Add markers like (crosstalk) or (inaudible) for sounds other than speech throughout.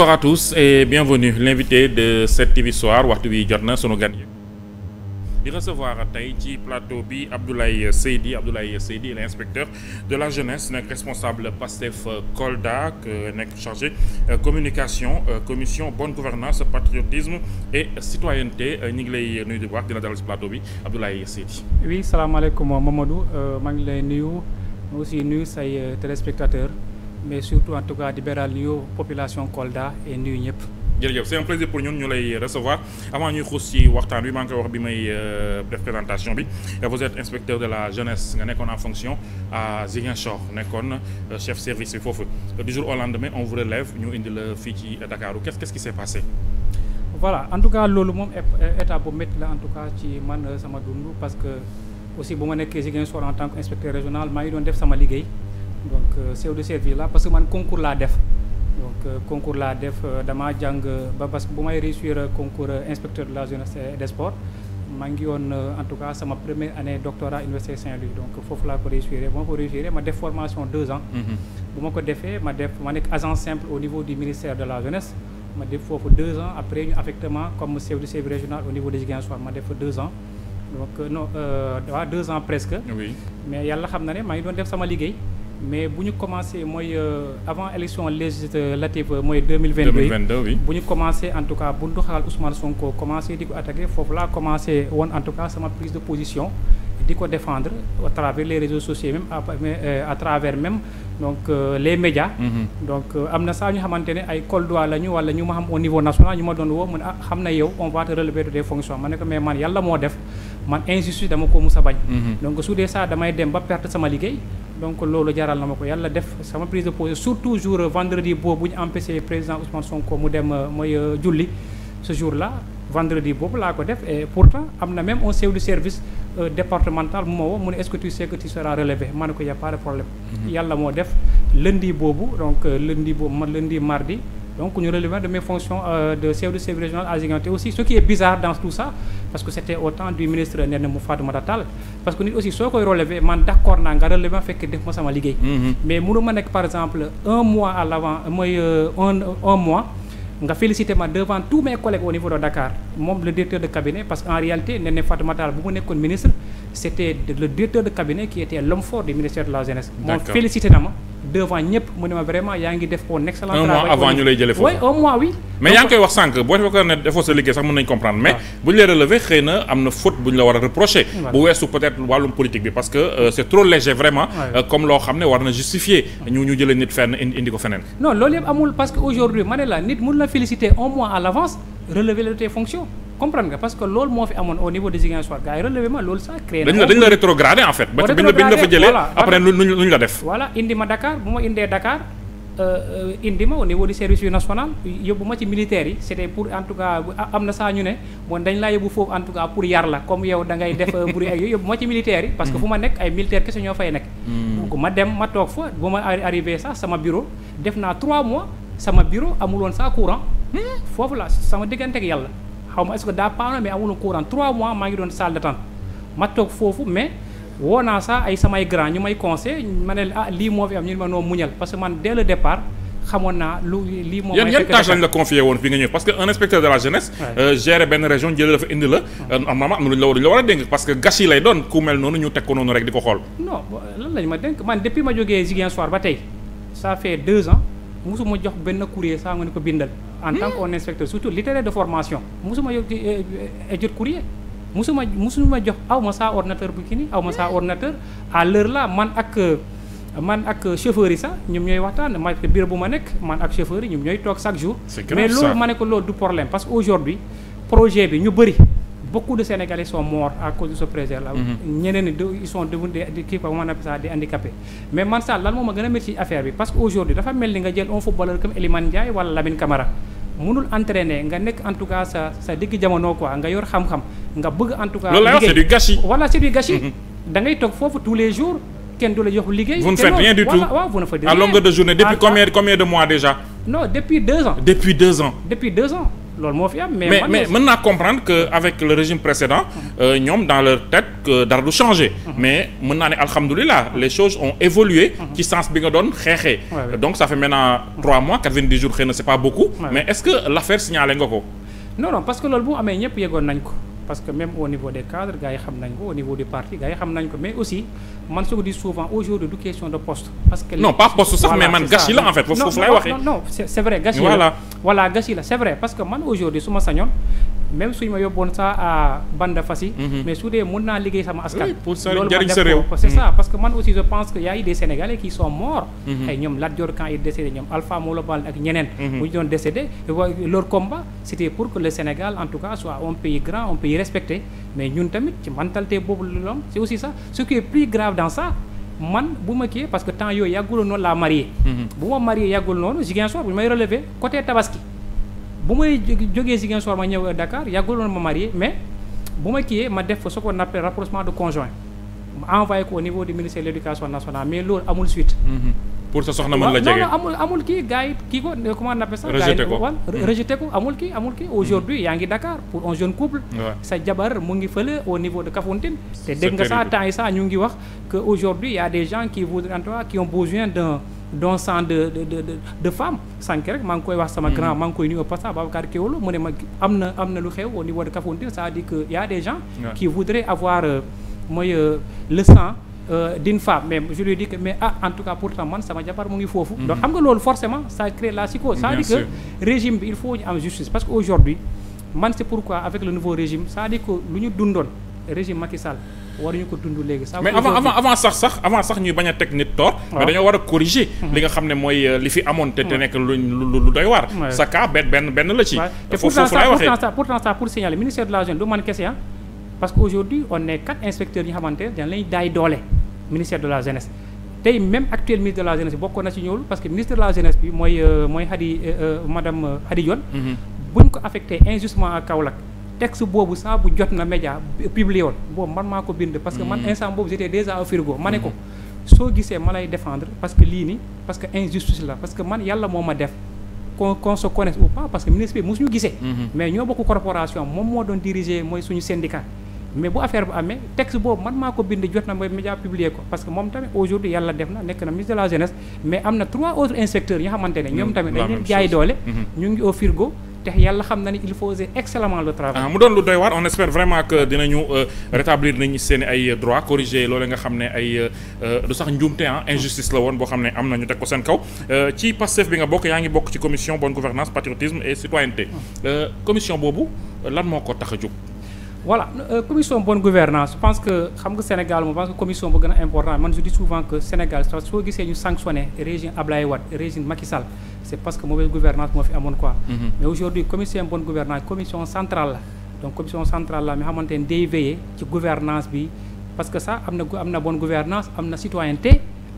Bonsoir à tous et bienvenue l'invité de 7TV Soir waxtu bi jot na sunu gan yi di recevoir tey ci plateau bi Abdoulaye Seydi Abdoulaye Seydi l'inspecteur de la jeunesse nekk responsable PASTEF Kolda nekk chargé euh, communication euh, commission bonne gouvernance patriotisme et citoyenneté euh, ñu ngi lay nuyu di wax dina dalal ci plateau bi Abdoulaye Seydi oui salaamaaleykum Mamadou maa ngi lay nuyu aussi nuyu say téléspectateurs mais surtout en tout cas di beral nuyoo population Kolda et nuyu ñëpp. jërëjëf c'est un plaisir pour ñun ñu lay recevoir avant ñuy xuus ci waxtaan bi maa ngi koy wax bi may euh, def présentation bi vous êtes inspecteur de la jeunesse nga nekkoon en fonction à Ziguinchor nekkoon euh, chef service bi foofu du jour au lendemain on vous relève ñu indi la fii ci dakaaru qu'est-ce qu'est-ce qui s'est passé. voilà en tout cas loolu moom état bu métti la en tout cas ci man euh, sama dund parce que aussi bu ma nekkee Ziguinchor en ngi doon def sama liggéey. donc euh, chef de service la parce que man concours laa def donc euh, concours laa def euh, dama jàng ba parce que bu may réussir concours inspecteur de la jeunesse et des sports maa ngi yoon en tout cas sama première année doctorat université Saint-Louis donc foofu laa ko réussiré bu ma ko réussiré ma def formation deux ans mhm. bu ma ko defee ma def ma nekk agent simple au niveau du ministère de la jeunesse ma def foofu deux ans après ñu affecté comme chef de service régional au de Ziguinchor ma def fa deux ans donc non presque mais yàlla xam na ne maa ngi doon def sama liggéey mais bu ñu commencé mooy euh, avant élection législative euh, mooy deux mille vingt deux bi bu ñu commencé en tout cas bu ñu xalaat Ousmane Sonko commencé di ko attaqué foofu laa commencé woon en tout cas sama prise de position di ko défendre à travers les réseaux sociaux même à, euh, à travers même donc les médias. Mm -hmm. donc am na saa ñu xamante ne ay col droit la ñu wala ñu ma xam au niveau national ñu ma doon woo mu ah xam na yow on va te relever des fonctions ma ne ko mais man yàlla ko mus a bañ. Mm-hmm. donc su dee saa damay dem ba perte sama liggéey. donc loolu jaral na ma ko yàlla def sama prise de position surtout jour vendredi boobu bu ñu empêché président Ousmane Sonko mu dem euh, mooy euh, julli ce jour la vendredi boobu laa ko def et pourtant am na même un chef de service euh, départemental bu ma woo mu ne est-ce que tu sais que tu ko y a pas de problème. Mhm. yàlla moo def lundi boobu donc lendi boobu ma lundi mardi. donc ñu relevant de mes fonctions euh, de chef de service régional à Ziguinchor aussi ce qui est bizarre dans tout ça parce que c'était au du ministre Néné Fatoumata Tall parce que nit aussi soo koy relever man d'accord naa nga relevant fekk def ma sama liggéey mm-hmm. mais mënu ma nekk par exemple un mois à l'avant mooy euh, un un mois nga félicité ma devant tous mes collègues au niveau de Dakar moom le directeur de cabinet parce qu'en réalité Néné Fatoumata ma devant ñëpp mu ne ma vraiment yaa ngi def un excellent travail. un mois avant ñu lay jëlee foofu. oui mais yaa ngi koy wax sànq boo defee ko ne defoo sa liggéey sax mën nañu comprendre. mais bu ñu lay relever xëy na am na faute bu ñu la war a reprocher. bu weesu peut-être wàllum politique bi parce que euh, c'est trop léger vraiment. Euh, comme loo xam ne war na justifier. ñu ñu jëlee nit fenn indi ko feneen. non loolu yëpp amul parce que aujourd'hui ma ne la nit mun comprendre nga parce que loolu moo fi amoon au niveau de Ziguinchor gars yi relevé ma loolu ça créé dañ la dañ la rétrogradé en fait ba biñ la fa def voilà indi ma Dakar bu ma indee Dakar euh, euh, indi ma au niveau du service yu national yóbbu ma ci militaire yi c'était pour en tout cas am na saa ñu ne bon dañ laa yóbbu foofu en tout cas pour yar euh, parce que mm. fu ma nekk ay militaire kese ñoo fay nekk mm. donc ma dem ma toog fa ba ma arrivé sax sama bureau def naa 3 mois sama bureau amul woon saa courant hmm? foofu la sama diggante ak yàlla xaw ma est-ce que daa paano mais amul courant 3 mois maa ngi doon salle d'attente ma toog foofu mais woo naa sax ay samay grand ñu may conseil ma ne ah lii moo fi am ñu ne ma noo que man dès la parce que un euh, euh, war a la parce que gâchis lay doon ku mel noonu ñu teg ko noonu rek di ko xool. non lan lañ ma dénk man depuis ma jógee Ziguinchor ba tey ça fait deux ans. musuma jox benn courrier saa nga ne ko bindal. en tant hmm. que un inspecteur surtout littéraire de formation musuma yóbbu eh, eh, jot courrier. musuma ma jox aw ma saa ordinateur bu kii nii aw ma saa hmm. ordinateur à l'heure là man ak man ak chauffeur yi sax ñoom ñooy waxtaan ma bureau bu ma nekk man ak chauffeur yi ñoom ñooy toog chaque jour. mais loolu ma ne ko loolu du problème parce que aujourd'hui projet bi ñu bëri. beaucoup de Sénégalais sont morts à cause de ce préserve là mhm. ñeneen ñi ils sont devenus des kii quoi on appelle ça des mais man sax lan moo ma gën a métti ci affaire bi parce que aujourd'hui dafa mel ni nga jël un footballeur comme Elimane Ndiaye wala Lamine Camara mënul entraîner nga nekk en tout cas sa sa digg jamono quoi nga yor xam-xam nga bëgg en tout cas loolu la c'est du gâchis voilà c'est du gâchis mhm. da ngay toog foofu tous les jours kenn du la jox liggéey loolu moo fi am. mais mais mën naa comprendre que avec le régime précédent mm-hmm. euh, ñoom dans leur tête que dara du changé. Mm-hmm. mais mën naa ne alhamdulilah mm-hmm. les choses ont évolué. ci sens bi nga doon xeexee. donc ça fait maintenant trois mois quatre-vingt-dix jours xëy na c'est pas beaucoup. mais est-ce que l'affaire signalé nga ko. non non parce que loolu bu amee ñëpp yegoon nañ ko. parce que même au niveau des cadres gars yi xam nañ ko au niveau du parti gars yi xam nañ ko mais aussi man su ko di souvent aujourd'hui du question de poste. parce que non pas poste sax mais man gâchis la en fait. foofu lay waxee non c'est vrai gâchis la. voilà gâchis la c'est vrai parce que man aujourd'hui su ma sañoon. même suñ ma yóbboon ça Banda Fassi. Mhm. mais su dee mën naa liggéey sama askan. pour sa njëriñ sa réew c'est ça mhm. parce que man aussi je pense que y a eu qui sont morts. ay mhm. ñoom Lat Dior quand il décédé ñoom Alpha Molo Bal ak ñeneen. bu ñu doon décédé leur combat c'était pour que le Sénégal en tout cas soit un pays grand un pays respecté mais ñun tamit ci mentalité boobu la c'est aussi ça ce qui est man bu ma kii parce que temps yooyu yàggul noonu laa marié. bu ma marié yàggul noonu Ziguinchor bu bu may jógee Ziguinchor ma ñëw Dakar yàgguloon ma marié mais bu ma kiiyee ma def ce qu'on appelle rapprochement de conjoint ma envoyé ko au niveau du ministère de l'éducation nationale mais loolu amul suite. Mhm. pour sa soxna mën la jege non amul amul kii gars yi kii ko euh, comment on appelle ça. rejeté ko gars mhm. amul kii aujourd'hui mhm. yaa ngi Dakar pour un jeune couple. sa jabar mu ngi fële au niveau de Kafountine. te dégg nga saa temps yi saa ñu ngi wax que aujourd'hui y a des gens qui voudraient en tout cas qui ont besoin donc sang de de de de femme sànq rek maa ngi koy wax sama hmm. grand maa ngi koy nuyu au passage Babacar Kewolo mu ne ma am na am na lu xew au niveau de Kafountine c'est-à-dire que y a des gens qui voudraient avoir euh, mooy euh, le sang euh, d'une femme mais je lui dis que mais ah en tout cas pourtant man sama jabar mu ngi foofu hmm. donc xam nga loolu forcément ça crée la psychose c'est-à-dire que régime bi il faut ñu am justice parce que aujourd'hui man c'est pourquoi avec le nouveau régime cest à que lu ñu dundoon régime Macky waruñu ko dund léegi. ça mais avant avant avant sax sax avant sax ñuy bañ a teg nit tort. mais dañoo war a corriger. Mhm. li nga xam ne mooy euh, li fi amoon te te nekk lu lu doy waar. sa cas benn benn la ci. foofu laay waxee pourtant ça pourtant ça ministère de la jeunesse du man kese ah. parce que aujourd'hui on est quatre inspecteurs yi xamante ne dañu daay doole ministère de la jeunesse. tey même actuel ministre de la jeunesse bokkoon na ci ñëwul parce que ministre de la jeunesse bi mooy euh, mooy Hadi euh, madame mhm. ko affecté injustement à texte boobu saa bu jot na média publié woon boobu man maa ko bind parce que man mm. instant boobu j'étais déjà au frigo ma ne ko mm. soo gisee ma lay défendre parce que lii ni parce que injustice la parce que man yàlla moo ma def qu'on qu'on ou pas parce que ministre bi mosuñu gisee mm-hmm. mais ñoo bokk corporation moom moo doon diriger mooy suñu syndicat mais bu affaire bu amee texte boobu man maa ko bind jot na mooy média publié ko parce que moom tamit ne ñoom mm-hmm. te yàlla xam na ni il faisait excellemment le travail. Ah, mu doon lu doy waar on espère vraiment que dinañu euh, rétablir nañu seen ay droits corriger loolu nga xam ne ay euh, du sax njuumte ah injustice la woon boo xam ne am na ñu teg ko seen kaw euh, ci Pastef bi nga bokk yaa ngi bokk ci commission bonne gouvernance patriotisme et citoyenneté ah. commission boobu lan moo ko tax a jóg. voilà euh, commission bonne gouvernance je pense que xam nga Sénégal moom pense que commission bu gën a important man je dis souvent que Sénégal soo gisee ñu sanctionné régime Ablaye Wade régime Macky Sall c' parce que mauvaise gouvernance moo fi amoon quoi mm -hmm. mais aujourd'hui commission bonne gouvernance commission centrale la donc commission centrale la mi xamante ne day veiller ci gouvernance bi parce que ça am na am na bonne gouvernance am na citoyenneté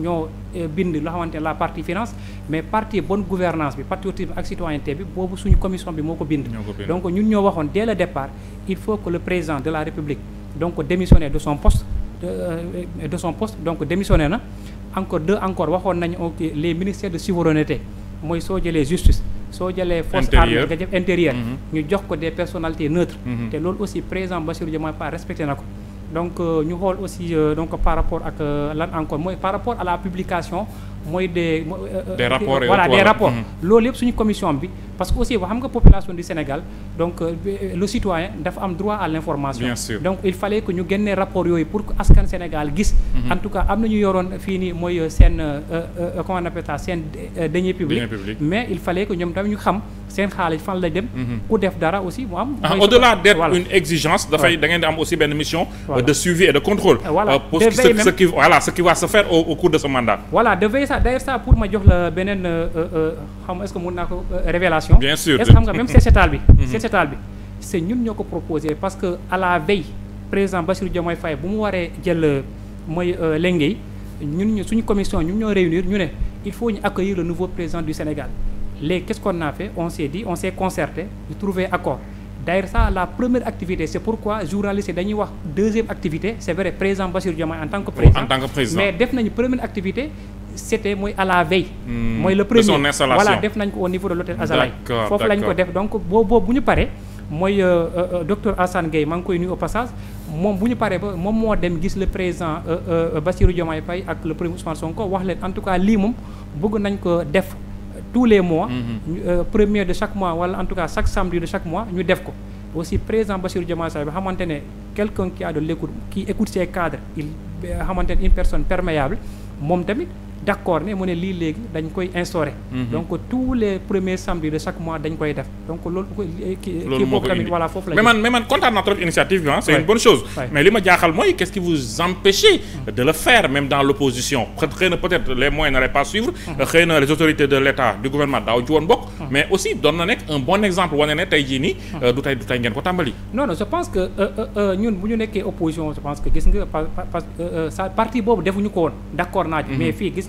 ñoo euh, bind loo xamante ne la partie finance mais partie bonne gouvernance bi patriotisme ak citoyenneté bi boobu suñu commission bi moo ko bind donc ñun ñoo waxoon dès le départ il faut que le président de la république donc démissionne de son poste de, euh, de son poste donc démissionne na encore deux encore waxoon nañu les ministère de souveraineté mooy soo jëlee justice soo jëlee force armée nga jëf intérieur mhm. ñu jox ko de personnalités neutres mhm. te loolu aussi président Bassirou Diomaye Faye na ko donc euh, ñu xool aussi euh, donc par rapport ak euh, lan encore mooy par rapport à la publication mooy des. Euh, euh, des rapports voilà des rapports. Mm-hmm. loolu yëpp suñu commission bi parce que aussi xam nga population du Sénégal donc euh, le citoyen dafa am droit à l'information. bien sûr donc il fallait que ñu génnee rapport yooyu pour que askan Sénégal gis. Mm-hmm. en tout cas am na ñu yoroon fii nii mooy seen comment on appelle ça mais il fallait que ñoom tamit ñu xam seen xaalis fan lay dem. Mm-hmm. ku def dara aussi mu am. Ah, au-delà d'être une exigence. dafay da ngeen am aussi benn mission. de suivi et de contrôle. de veille même ça d'ailleurs ça pour ma jox la beneen euh, euh, euh, xam est-ce que mën naa ko révélation bien sûr est-ce xam nga même seet bi seet (laughs) seetaal ñun ñoo ko proposé parce que à la veille président Bassirou Diomaye Faye bu mu waree jël mooy Lengueye ñun ñu suñu commission ñun ñoo réunir ñu ne il faut ñu accueillir le nouveau Sénégal léegi quest a fait on s'est dit on la première activité c'est pourquoi journaliste yi dañuy wax deuxième activité c'est vrai président Bassirou Diomaye en tant que président mais def nañu première activité c'était mooy à la veille. Hmm. mooy le premier voilà def nañ ko au niveau de l'hôtel Azalaï foofu lañ ko def donc boobu bu ñu paree mooy euh, euh, euh, docteur Assane Gueye maa ngi koy nuyu au passage moom bu ñu paree ba moom moo dem gis le président Bassirou Diomaye Faye ak le premier Ousmane Sonko wax leen en tout cas lii moom bëgg nañ ko def tous les mois hmm, hmm. premier de chaque mois wala en tout cas chaque samedi de chaque mois ñu def ko aussi président Bassirou Diomaye Faye bi xamante ne quelqu'un qui a de l'écoute xamante ne une personne perméable moom tamit d'accord ne mu ne lii léegi dañ koy instauré. Mhm. donc tous les premiers samedis de chaque mois dañ koy def donc loolu. moo ko tamit voilà foofu la. mais mais mais li ma jaaxal mooy qu'est-ce qui vous empêchez de le faire même dans l'opposition xëy peut-être les moyens n'allaient pas suivre. Mhm. xëy les autorités de l'État du gouvernement daaw ci bokk. Mhm. mais aussi doon nekk un bon exemple wane ne tey jii nii. Euh, du tey du tey ngeen ko tàmbali. non je pense que euh, euh,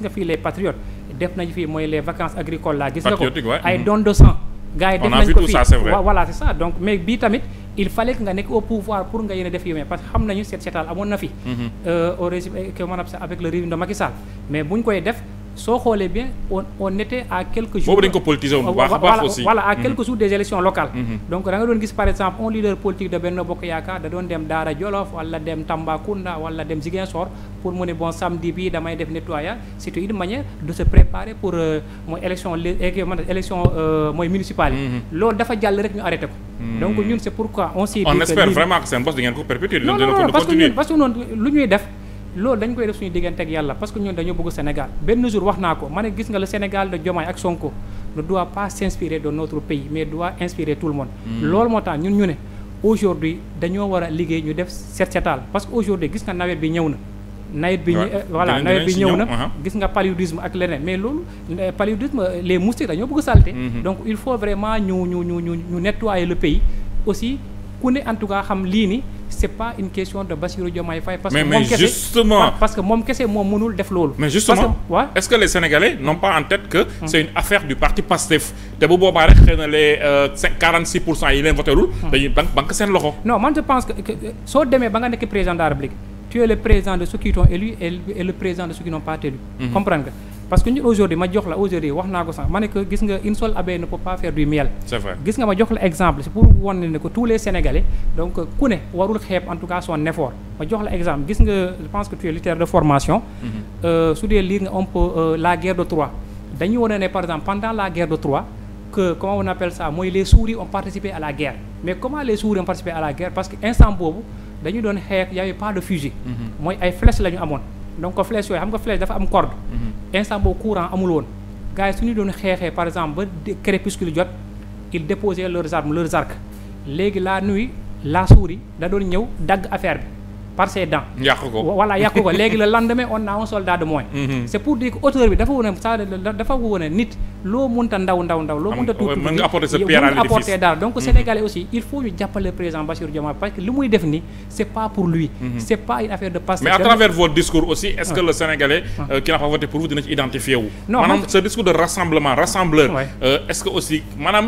nga fii les patriotes def nañu fii mooy les vacances agricoles là gis nga ko ay mm-hmm. don de sang gars yi def nañu ko fii voilà c'est ça donc mais bii tamit il fallait que nga nekk au pour nga yéene def yu mel parce xam nañu seet seetal amoon na fi mm-hmm. euh, au régime que euh, maanaam avec le régime de Macky Sall mais koy def soo xoolee bien on on était à quelques jours. boobu dañ ko politiser woon bu baax a baax aussi voilà à mm-hmm. quelques jours des élections locales. Mm-hmm. donc da doon gis par exemple un leader politique de Benno Bokk Yaakaar da doon dem Daara Jolof wala dem Tambacounda wala dem Ziguinchor pour mu ne bon samedi bii damay def nettoyage c'est une manière de se préparer pour euh, mooy élection les eh, élection euh, mooy municipale yi. Mm-hmm. dafa jàll rek ñu arrêté ko. donc ñun c'est loolu dañ koy def suñu diggante ak yàlla parce que ñun dañoo bëgg Sénégal benn jour wax naa ko ma ne gis nga le Sénégal de Diomaye ak Sonko ne doit pas s'inspirer de notre pays mais doit inspirer tout le monde hmm. loolu moo tax ñun ñu ne aujourd'hui dañoo war a liggéey ñu def set setal parce que aujourd'hui gis nga nawet bi ñëw na nawet bi euh, voilà nawet bi ñëw na uh-huh. gis nga paludisme ak leneen mais loolu euh, paludisme les moustiques dañoo bëgg salté mm-hmm. donc il faut vraiment ñu ñu ñu ñu nettoyer le pays aussi ku ne en tout cas xam lii ni c' est pas une question de Bassirou Diomaye Faye. parce que moom kese mais justement parce que moom kese moom mënul def loolu. mais justement parce est ce que les sénégalais n'ont pas en tête que. Hmm. c' une affaire du parti Pastef te bu boobaa rek xëy na euh, quarante six pour cent yi leen voté lul. Hmm. dañuy banque banque loxo. non man je pense que soo demee ba nga nekk président de la tu es le président de ceux qui t'ont élu et le président de ceux qui n'ont pas été élu. Hmm. comprendre parce que ñu aujourd'hui ma jox la aujourd'hui wax naa ko sax ma ne que gis nga une seule abeille ne peut pas faire du miel. c'est vrai gis nga ma jox la exemple c'est pour wan ne que tous les sénégalais donc ku ne warul xeeb en tout ma jox la exemple gis nga je mm-hmm. euh, nga un euh, la guerre de Troie dañu wane ne par exemple pendant la guerre de Troie. que comment on appelle mooy les souris ont participé à la guerre mais comment les souris ont participé à la mm-hmm. amoon. donc ko flèche yooyu xam nga flèche dafa am corde mhm. instant boobu courant amul woon gars yi su ñu doon xeexee par exemple ba crépuscule jot ils déposaient leur armes leurs arcs léegi laa nuit la souris da doon ñëw dagg affaire bi par ses dents. ko voilà yàq ko léegi le (laughs) lendemain on a un soldat de moins. Mm-hmm. c' pour dire que auteur dafa wane ça dafa wane nit loo mënta ndaw ndaw ndaw. loo mënta tuuti mën nga pierre à l' donc mm-hmm. sénégalais aussi il faut ñu jàppale président Bassirou Diomaye parce que li muy def ni c' pas pour lui. Mm-hmm. c' pas une affaire de Pastef. mais à travers votre discours aussi est que le sénégalais. Euh, qui n'a pas voté pour vous dina ci identifié non maanaam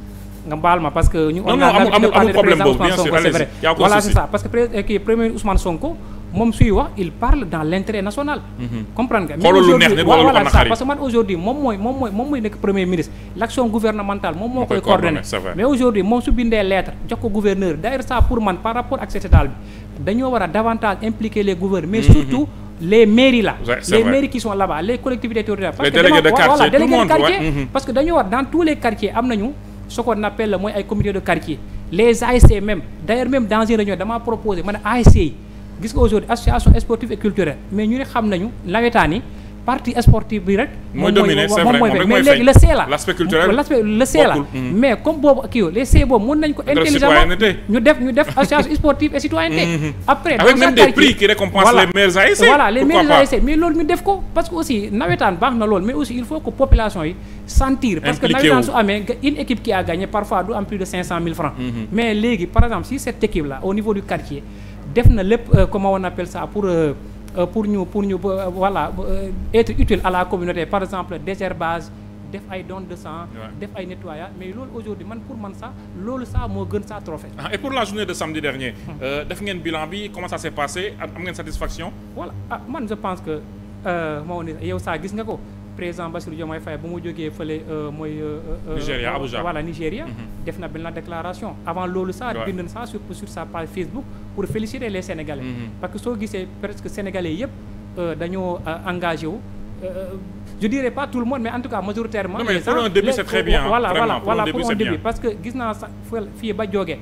nga baal ma parce que. ñu on amul problème boobu bien sûr c'est c'est ça parce que pré premier Ousmane Sonko moom suy wax il parle dans l'intérêt national. Mhm. comprendre nga. xoolal lu neex voilà ça parce que man aujourd'hui moom mooy moom mooy nekk premier ministre l'action gouvernementale moom moo koy coordonner mais aujourd'hui moom su bindee lettre jox ko gouverneur d'ailleurs ça pour man par rapport ak bi dañoo war davantage mhm. que délégués de quartier voilà, tout le monde, ouais. Mhm. parce que dañoo war dans tous les ce qu'on appelle mooy ay comité de quartier les ASC même d'ailleurs même dans une damaa proposé ma ne ASC yi gis nga aujourd'hui association sportive et culturelle mais ñu ne xam nañu nawetaan yi partie sportive bi rek. mooy dominer c'est vrai moom mais léegi le C la. l'aspect culturel l'aspect hmm. mais comme boobu kii yooyu les C boobu mën nañ ko. intelligemment ñu def ñu def association (laughs) sportive et citoyenneté. Hmm, hmm, après avec même des prix qui récompensent les meilleurs ASC. voilà mais loolu ñu def ko parce que aussi nawetaan baax na lool mais aussi il faut que population yi sentir. parce que nawetaan su amee une équipe qui a gagné parfois du am plus de 500 000 francs. mais léegi Euh, pour ñu pour ñu euh, voilà euh, être utile à la communauté par exemple désherbage def ay don de sang. def ay nettoyage mais loolu aujourd'hui man pour man sax loolu sax moo gën saa trophée. Ah, et pour la journée de samedi dernier. Hmm. def ngeen bilan bi comment ça s'est passé am ngeen satisfaction. voilà ah man je pense que moo ne yow saa gis nga ko. président Bassirou Diomaye Faye bu mu jógee fële euh, mooy. Euh, euh, Nigéria Abuja voilà Nigéria. Mhm. def na benn déclaration avant loolu sax. waaw bind sur sur sa page Facebook pour féliciter les Sénégalais. Mhm. parce que soo gisee presque sénégalais yëpp dañoo engagé wu. je dirais pas tout le monde mais en tout cas majoritairement. non mais très bien. voilà voilà pour un début parce que gis naa sax fii ba joge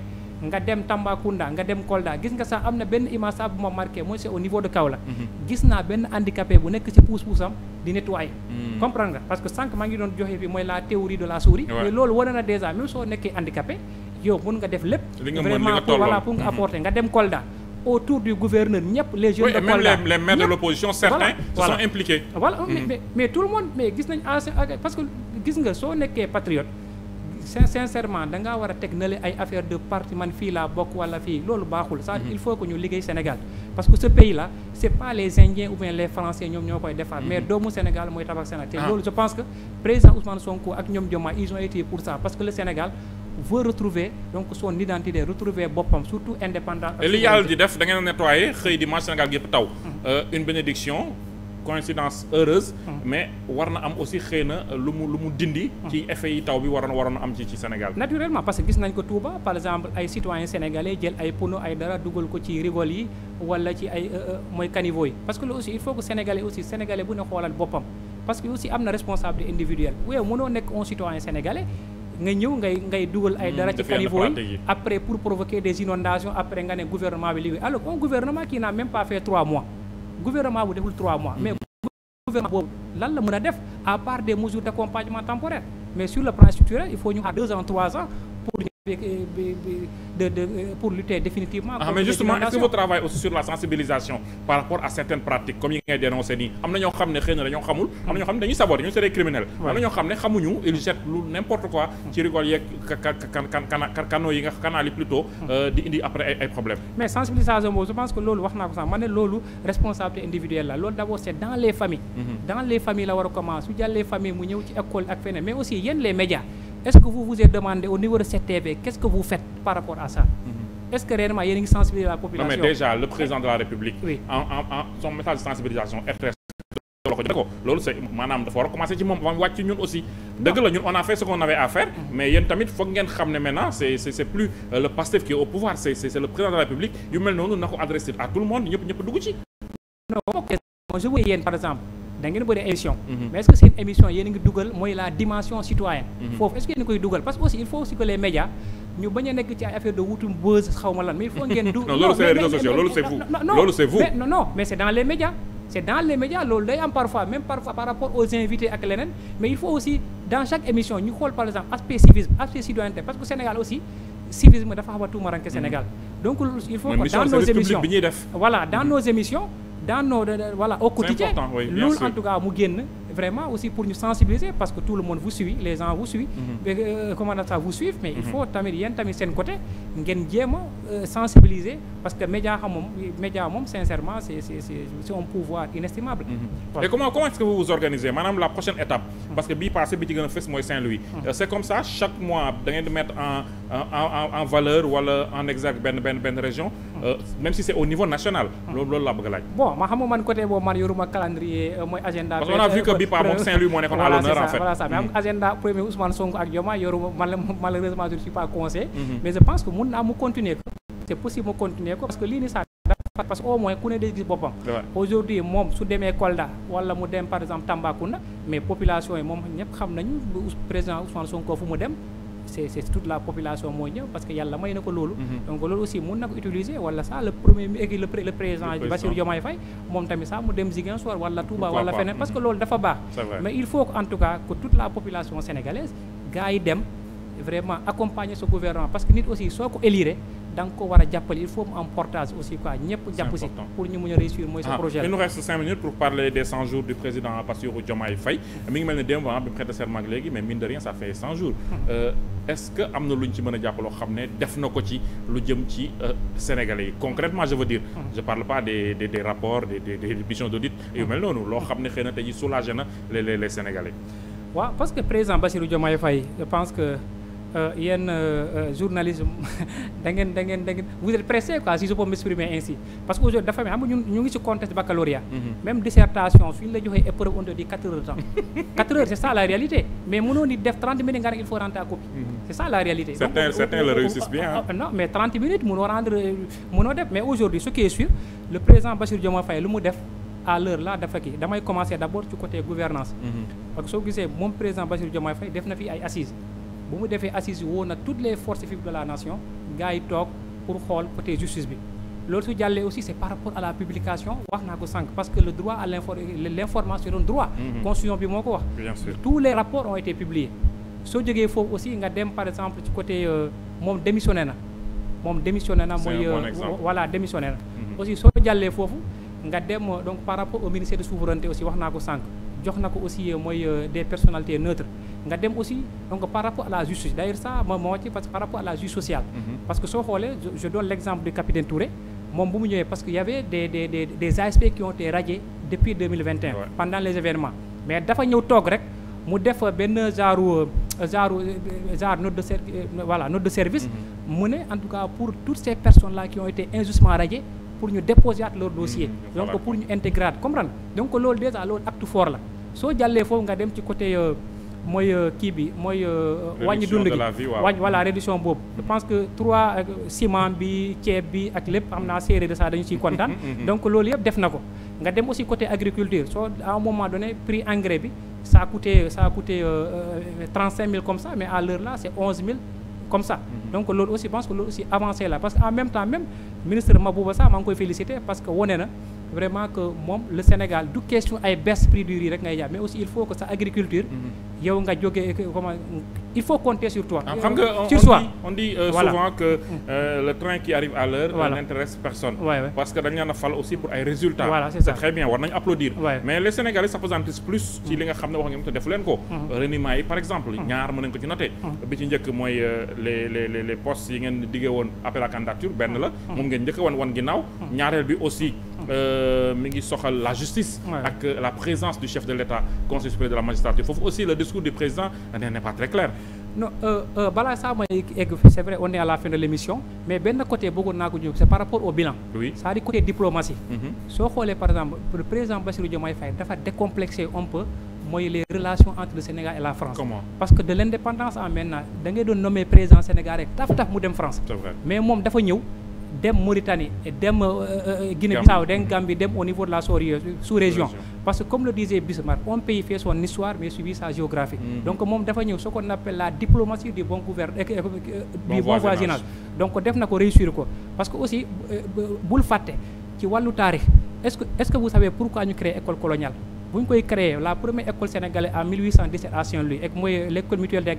nga dem Tambacounda nga dem Kolda gis nga sax am na benn image sax bu ma marqué mooy c'est au niveau de Kaolack. Mhm. gis naa benn handicapé bu nekk ci puus-puusam di nettoyer. Mhm. comprendre nga parce que sànq maa ngi doon joxe fii mooy la théorie de la souris. mais loolu wane na déjà même soo nekkee handicapé yow mun nga def lépp. vraiment pour nga mhm. apporter nga dem Kolda. autour du gouverneur ñëpp les jeunes oui, de Kolda même les, les mais, mais, mais tout le monde mais gis nañ parce que gis nga soo nekkee patriote sincèrement da ngaa war a teg nale ay affaire de parti man fii la bokk wala fii loolu baaxul ça mm-hmm. il faut que ñu liggéey Sénégal parce que ce pays là c' est pas les Indiens ou bien les Français ñoom ñoo koy defar mm-hmm. mais doomu Sénégal mooy tabax Sénégal te ah. loolu je pense que président Ousmane Sonko ak ñoom Diomaye ils ont pour ça parce que le Sénégal veut retrouver donc son identité retrouver boppam surtout indépendant li yàlla di def da ngeen nettoyer xëy dimanche Sénégal gépp taw mm-hmm. euh, coïncidence heureuse mais war na am aussi xëy na lu mu lu mu dindi ci effet yi taw bi waroon waroon am ci ci Sénégal naturellement parce que gis nañ ko Touba par exemple ay citoyens sénégalais jël ay pono ay dara dugal ko ci rigole yi wala ci ay euh, euh, mooy caniveau yi parce que loolu aussi il faut que sénégalais aussi sénégalais bu ne xoolal boppam parce que aussi am na responsabilité individuelle yow mënoo nekk un citoyen sénégalais nga ñëw ngay ngay dugal ay gouvernement boobu def à part des mesures d'accompagnement temporaire mais sur le plan structurel il faut ñu à deux ans trois ans De, de, de, pour définitivement. Ah, mais justement est que vous travaillez aussi sur la sensibilisation par rapport à certaines pratiques comme yi ngay dénoncé nii am na ñoo xam ne xëy na dañoo xamul am na ñoo xam ne dañuy saboté ñoo c'est des criminels am na ñoo xam ne xamuñu ils jettent lu n'importe quoi ci rigole yeeg kan canaux yi nga canal yi plutôt mm. euh, di indi après ay problèmes mais loolu wax naa ko sax ma ne loolu responsabilité individuelle la loolu d'abord c'est dans les familles mm-hmm. dans est que vous vous êtes au niveau de cette TV quest que vous faites par rapport à ça mm-hmm. est que réellement yéen a ngi mais déjà le président de la République. oui en en son message de sensibilisation RTS. loolu c'est maanaam dafa war commencer ci moom ba mu wàcc ñun aussi. ce qu'on avait à mm-hmm. mais yéen tamit foog ngeen xam ne maintenant c'est c'est plus euh, le Pastef qui au pouvoir c'est c'est le président de la République yu mel na ko adressé à tout le monde da ngeen bëri émission mhm. mais est-ce que seen émission yéen a ngi dugal mooy la dimension citoyenne mhm. foofu est-ce que yéen a koy dugal parce que aussi il faut aussi que les médias ñu bañ nekk ci ay affaire de wutum buzz xaw lan mais il faut ngeen du loolu c'est dans les médias c'est dans les médias loolu day am parfois même parfois par rapport aux invités ak leneen mais il faut aussi dans chaque émission ñu xool par exemple aspect civisme aspect citoyenneté dans nos euh, euh, voilà au quotidien loolu en tout cas mu génn vraiment aussi pour ñu sensibiliser parce que tout le monde vous suit les gens vous suivent. Mm -hmm. euh, vous suivent mais il mhm. faut tamit yéen tamit seen côté ngeen jéem a euh, sensibiliser parce que média xam moom média moom sincèrement c'est c'est inestimable et mhm. comment comment est-ce que vous la prochaine étape parce que bii passé bi ci gën a fës mooy Saint-Louis mhm. euh, c'est comme ça chaque mois da ngeen valeur wala en exergue benn benn benn région mhm. euh, même au niveau national loolu loolu laa bëgg bon ma man côté boobu man yoruma calendrier mooy agenda parce qu'on a vu que bii pas moom Saint-Louis moo nekkoon à l'honneur en fait voilà ça mais je ne suis pas naa mu continuer ko c'est possible mu continuer ko parce que lii ni ça parce que au moins ku ne day gis boppam aujourd'hui moom su demee Kolda wala mu dem par exemple Tambacounda mais population yi moom ñëpp xam nañu président Ousmane Sonko fu mu dem c'est c'est toute la population mooy ñëw parce que yàlla may na ko loolu mhm. donc loolu aussi mun na ko utiliser wala ça le premier le président Bassirou Diomaye Faye moom tamit ça mu dem Ziguinchor wala Touba wala que mhm. loolu dafa baax mais il faut que en vraiment accompagner ce gouvernement parce que nit aussi soo ko élire da ko war jàppale il faut mu portage aussi quoi ñëpp jàpp si pour ñu mun réussir mooy ce ah, projet il nous reste cinq minutes pour parler des cent jours du président Bassirou Diomaye Faye mi ngi mel ne démb ah, bi mu xeeta serment léegi mais mine de fait cent jours hmm. euh, est-ce que am na lu ñu ci mën a jàppaloo xam ne def na ko ci lu jëm ci euh, Sénégalais yi concrètement je veux dire hmm. je parle pas des rapports des des, Euh, yéen euh, euh, journalisme (laughs) da ngeen da ngeen da ngeen vous êtes pressé quoi si je peux m'exprimer ainsi parce que aujourd'hui dafa mel xam nga ñu ngi ci contexte baccalauréat mhm. même dissertation suñu la joxee épreuve on te dit quatre heures de temps (laughs) quatre heures c'est ça la réalité mais mënoo di def trente minutes nga rek il faut rendre à mhm. c'est ça la réalité certains certains le réussissent bien non mais trente minutes mënoo rendre mënoo def mais aujourd'hui ce qui est mhm. moom président Bassirou Diomaye Faye na fi ay bu mu defee assis woo na toutes les forces vives de la nation gars yi toog pour xool côté justice bi loolu su jàllee aussi c' est par rapport à la publication wax naa ko sànq parce que le droit à l' information un droit mhm. constitution bi moo ko wax tous les rapports ont été publiés soo jógee foofu aussi nga dem par exemple ci côté euh, moom démissionné na moom démissionné na mooy euh, voilà démissionné na mhm. aussi soo jàllee foofu nga dem euh, donc par rapport au ministère de souveraineté naa ko sànq jox na ko aussi euh, mooy euh, des personnalités neutres nga dem aussi donc par rapport à la justice d'ailleurs ça ma ma wàcc parce que par rapport à la justice sociale mm-hmm. parce que soo xoolee je donne l'exemple du capitaine Touré moom bu mu ñëwee parce que y avait des des des des ASP qui ont été radiés depuis pendant les événements mais dafa ñëw toog rek mu def euh, benn genre genre genre note de service voilà note de service mm-hmm. mu ne en tout cas pour toutes ces personnes la qui ont été injustement pour ñu déposer at leur dossier mm-hmm. donc pour ñu intégrer at comprendre donc loolu déjà loolu acte fort la soo jàllee foofu nga dem ci côté euh, mooy euh, kii bi mooy euh, wàññi dund gi wàññi voilà réduction boobu je que trois ciment bi ceeb bi ak lépp xam naa séeréer de ça dañu ciy kontaan mm-hmm. Mm-hmm. donc loolu yëpp def na ko nga dem aussi côté agriculture soo à un moment donné prix engrais bi ça a coûté ça a coûté trente cinq mille comme ça mais à l'heure là c'est onze mille comme ça mm-hmm. donc loolu aussi je pense que loolu aussi avancé la parce que en même temps même ministre Mabouba Sarr maa ngi koy féliciter parce que wone na vraiment que moom le Sénégal du question ay baisse prix du riz rek ngay jaay mais aussi il faut que sa agriculture mm-hmm. yow nga jógee comment il faut compter sur toi. Ah, xam nga on dit euh, souvent que euh, le train qui arrive à l'heure euh, n'intéresse personne. parce que dañ leen a fal aussi pour ay résultats. voilà c'est ça très bien war nañu applaudir. mais les Sénégalais s'appesantissent plus. ci mm. li nga xam ne wax nga te def leen ko. Mm. reniement yi par exemple. Mm. ñaar mën nañu ko ci noter. njëkk mooy les les yi ngeen diggee woon appel candidature benn la. moom ngeen njëkk wan wan ginnaaw. ñaareel bi aussi. mi soxal la no euh, euh, balaa saa may egg fi vrai on est à la fin de l'émission mais benn côté bëggoon naa ko jóg c'est par rapport au bilan oui c'est-à-dire côté diplomatie mhm. soo xoolee par exemple le président Bassirou Diomaye Faye dafa décomplexé un peu mooy les relations entre le Sénégal et la France parce que de l'indépendance en maintenant da ngay doon nommer président Sénégal rek taf taf mu dem France mais moom dafa ñëw dem Mauritanie dem euh, euh, guinée dem Gambie dem au niveau de la sous-région parce que comme le disait Bismarck un pays fait son histoire mais suivi sa géographie mhm. donc moom dafa ñëw ce qu'on appelle la diplomatie du bon gouvernement euh, du bon voisinage donc def na ko réussir ko parce que aussi bul fàtte ci wàllu taarix est-ce que est-ce que vous savez pourquoi ñu créer école coloniale bu ñu koy créer la première école sénégalaise en 1817 à Saint-Louis ak mooy l'école mutuelle des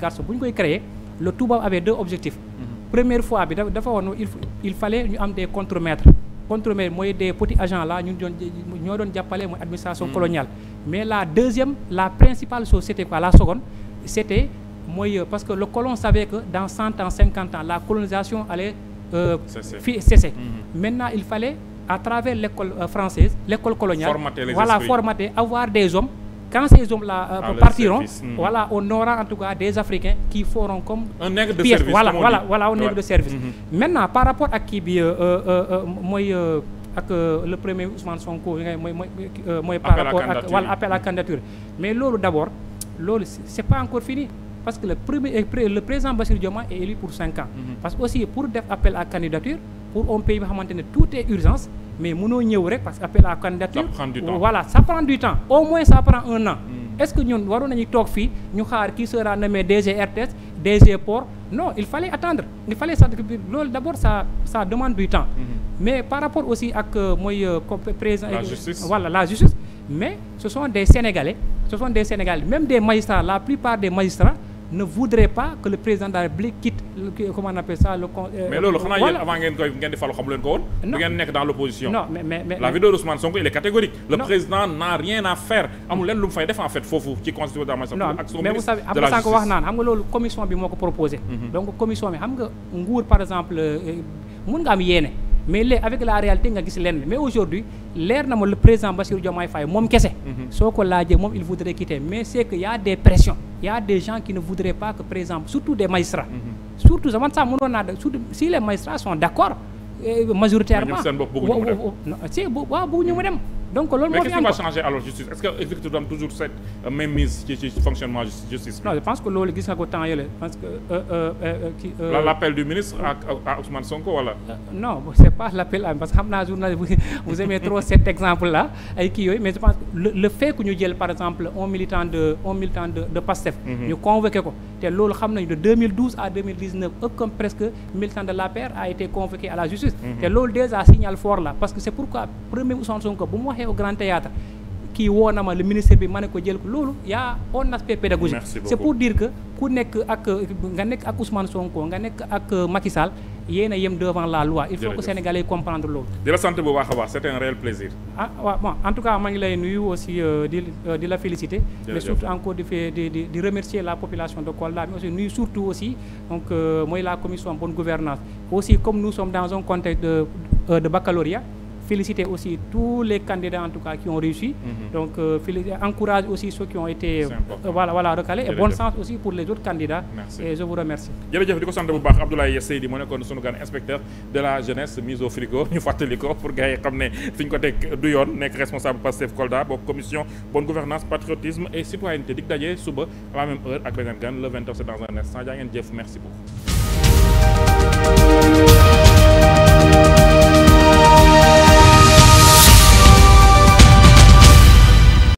première fois bi dafa woon il il fallait ñu am des contremaîtres contremaîtres mooy des petits agents là ñu doon ñoo doon jàppale mooy administration mm. coloniale mais la deuxième la principale chose c'était quoi la seconde c'était mooy euh, parce que le colon savait que dans cent ans cinquante ans la colonisation allait euh, fi cesser mmh. maintenant il fallait à travers l'école euh, française l'école coloniale formater les voilà esprits. formater avoir des hommes quand ces hommes-là euh, partiront mmh. voilà on aura en tout cas des Africains qui feront comme un nègre de service voilà voilà voilà un de service hmm. maintenant par rapport euh, euh, euh, ak kii bi mooy ak le premier Ousmane Sonko yi mooy mooy mooy par rapport ak wala appel à candidature mais loolu d'abord loolu c'est pas encore fini parce que le premier le président Bassirou Diomaye est élu pour cinq ans hmm. parce que aussi pour def appel à candidature pour un pays bi xamante ne tout est urgence mais mënoo ñëw rek parce que appel à candidature voilà ça prend du temps au moins ça prend un an hmm. est-ce que ñun waroon nañu toog fii ñu xaar qui sera nommé DG RTS DG Port non il fallait attendre il fallait s'attendre loolu d'abord ça ça demande du temps hmm. mais par rapport aussi ak euh, mooy euh, président wala la justice mais ce sont des Sénégalais ce sont des Sénégalais même des magistrats la plupart des magistrats ne voudrait pas que le président de la République quitte comment on appelle ça euh, mais loolu xanaa yéen avant ngeen koy ngeen di falu xamu leen ko woon. non l' opposition. non mais mais mais la vidéo d'Ousmane Sonko il est le président n'a rien à faire amul leen lu mu fay def en fait foofu ci constitution de la magistrature. ak son ministre de la justice non mais vous savez am na sànq wax naan xam nga loolu commission bi moo ko proposé. Mhm. donc commission bi xam nga nguur par exemple euh, mun nga am yéene. mais léegi avec la réalité nga gis lenn mais aujourd'hui leer na ma le président Bassirou Diomaye Faye moom kese mhm. soo ko laajee moom il voudrait quitter mais c'est que y a des pressions y a des gens qui ne voudraient pas que président surtout des magistrats mhm. surtout man sax mënoon naa surtout si les magistrats sont d'accord eh, majoritairement si waaw bëgguñu dem donc loolu moo fi am mais qu'est-ce justice est-ce que exécutif dam toujours cette euh, même mise ci ci fonctionnement justice. non je pense que loolu gis nga ko temps yële parce que. Euh, euh, l'appel du ministre à à Ousmane Sonko non c'est pas l'appel à parce que xam naa (laughs) ay kii yooyu mais je pense que le fait que ñu jël par exemple militant de un militant de mhm. ko te loolu xam de à 2019 presque militant de l'APR a été convoqué à la justice. Mhm. te loolu waxee au Grand Théâtre kii woo na ma ministre bi ma ne ko jël ko loolu y'a un aspect pédagogique c'est pour dire que ku nekk ak nga nekk ak Ousmane Sonko nga nekk ak euh, Macky Sall yéen a yem devant la loi il faut que sénégalais comprendre loolu di la sant bu baax a baax c'est un réel plaisir ah waaw bon en tout cas maa ngi lay nuyu aussi euh, di euh, di la féliciter mais surtout encore di fee di di remercier la population de Kolda mais aussi nuyu surtout aussi donc mooy la commission bonne gouvernance aussi comme nous sommes dans un contexte de féliciter aussi tous les candidats en tout cas qui ont réussi. Mhm. donc euh, féliciter aussi ceux qui ont été. Euh, voilà voilà et bonne chance aussi pour les autres candidats. et je vous remercie. jërëjëf di ko sant bu baax Abdoulaye Seydi moo nekkoon inspecteur de la jeunesse mise au frigo ñu fàttali ko pour gars xam ne fi ñu du yoon nekk responsable Pastef Kolda bokk commission bonne gouvernance patriotisme et citoyenneté dig suba à la même heure ak